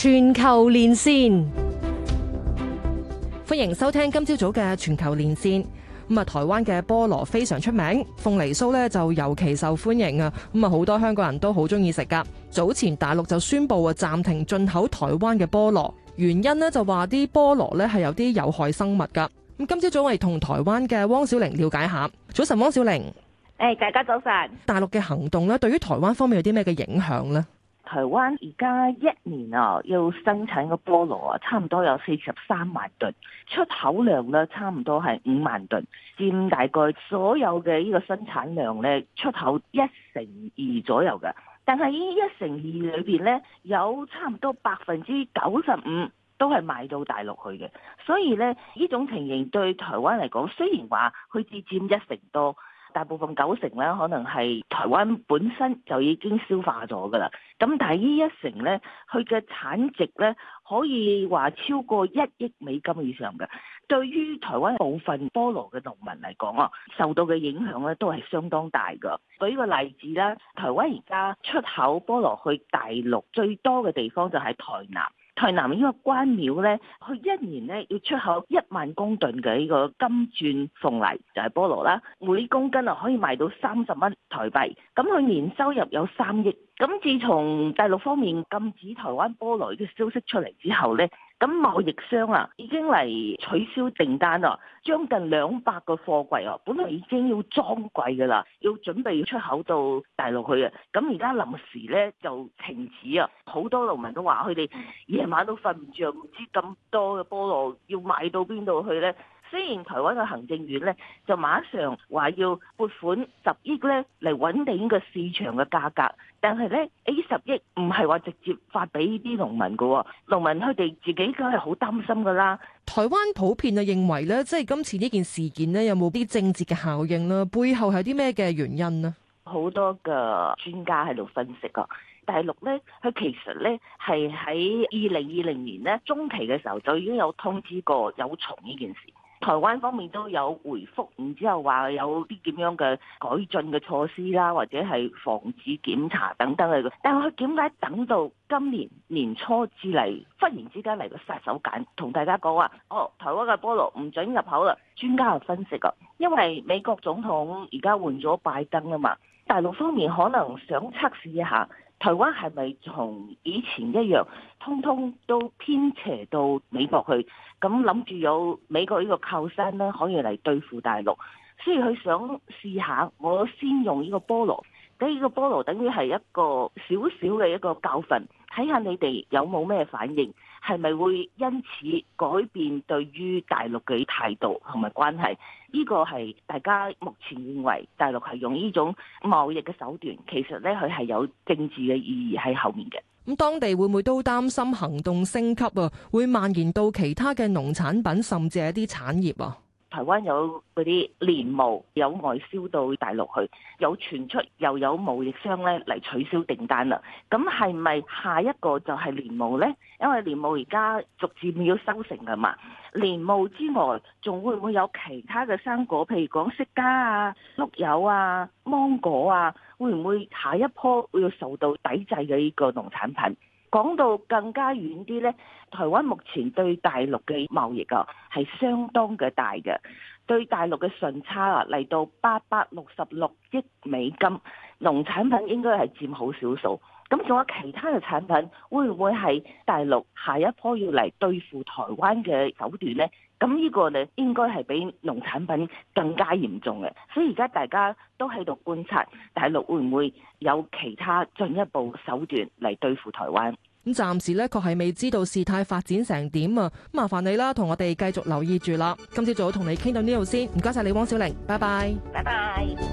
全球連線，歡迎收聽今朝早嘅全球連線。咁、嗯、啊，台灣嘅菠蘿非常出名，鳳梨酥咧就尤其受歡迎啊！咁、嗯、啊，好多香港人都好中意食噶。早前大陸就宣布暫停進口台灣嘅菠蘿，原因咧就話啲菠蘿咧係有啲有害生物噶。咁、嗯、今朝早我哋同台灣嘅汪小玲了解下。早晨，汪小玲。誒，大家早晨。大陸嘅行動咧，對於台灣方面有啲咩嘅影響呢？台灣而家一年啊，要生產嘅菠蘿啊，差唔多有四十三萬噸，出口量咧差唔多係五萬噸，佔大概所有嘅呢個生產量咧出口一成二左右嘅。但係呢一成二裏邊咧，有差唔多百分之九十五都係賣到大陸去嘅。所以咧，呢種情形對台灣嚟講，雖然話佢只佔一成多。大部分九成呢，可能係台灣本身就已經消化咗㗎喇。咁但係呢一成呢，佢嘅產值呢可以話超過一億美金以上嘅。對於台灣部分菠蘿嘅農民嚟講啊，受到嘅影響呢都係相當大㗎。舉個例子啦，台灣而家出口菠蘿去大陸最多嘅地方就係台南。台南呢個關廟咧，佢一年咧要出口一萬公噸嘅呢個金鑽鳳梨，就係菠蘿啦，每公斤啊可以賣到三十蚊台幣，咁佢年收入有三億。咁自從大陸方面禁止台灣菠蘿嘅消息出嚟之後咧。咁貿易商啊，已經嚟取消訂單啦，將近兩百個貨櫃啊，本來已經要裝櫃㗎啦，要準備要出口到大陸去嘅，咁而家臨時咧就停止啊！好多農民都話，佢哋夜晚都瞓唔着，唔知咁多嘅菠蘿要賣到邊度去咧。雖然台灣嘅行政院咧就馬上話要撥款十億咧嚟穩定個市場嘅價格，但係咧呢十億唔係話直接發俾呢啲農民嘅喎、哦，農民佢哋自己都係好擔心嘅啦。台灣普遍啊認為咧，即係今次呢件事件咧有冇啲政治嘅效應啦？背後係啲咩嘅原因呢？好多個專家喺度分析啊，大陸咧佢其實咧係喺二零二零年咧中期嘅時候就已經有通知過有蟲呢件事。台灣方面都有回覆，然之後話有啲點樣嘅改進嘅措施啦，或者係防止檢查等等嚟嘅。但係佢點解等到今年年初至嚟忽然之間嚟個殺手鐧，同大家講話：哦，台灣嘅菠蘿唔準入口啦！專家分析㗎啊，因為美國總統而家換咗拜登啊嘛，大陸方面可能想測試一下。台灣係咪同以前一樣，通通都偏斜到美國去？咁諗住有美國呢個靠山咧，可以嚟對付大陸。所以佢想試下，我先用呢個菠蘿，呢個菠蘿等於係一個少少嘅一個教訓。睇下你哋有冇咩反應，係咪會因此改變對於大陸嘅態度同埋關係？呢個係大家目前認為大陸係用呢種貿易嘅手段，其實呢，佢係有政治嘅意義喺後面嘅。咁當地會唔會都擔心行動升級啊？會蔓延到其他嘅農產品，甚至一啲產業啊？台灣有嗰啲蓮霧有外銷到大陸去，有傳出又有貿易商咧嚟取消訂單啦。咁係咪下一個就係蓮霧咧？因為蓮霧而家逐漸要收成噶嘛。蓮霧之外，仲會唔會有其他嘅生果，譬如講釋迦啊、碌柚啊、芒果啊，會唔會下一波會要受到抵制嘅呢個農產品？講到更加遠啲呢，台灣目前對大陸嘅貿易啊，係相當嘅大嘅，對大陸嘅順差啊，嚟到八百六十六億美金，農產品應該係佔好少數。咁仲有其他嘅產品，會唔會係大陸下一波要嚟對付台灣嘅手段呢？咁呢個呢應該係比農產品更加嚴重嘅，所以而家大家都喺度觀察大陸會唔會有其他進一步手段嚟對付台灣。咁暫時呢，確係未知道事態發展成點啊！麻煩你啦，同我哋繼續留意住啦。今朝早同你傾到呢度先，唔該晒你汪小玲，拜拜。拜拜。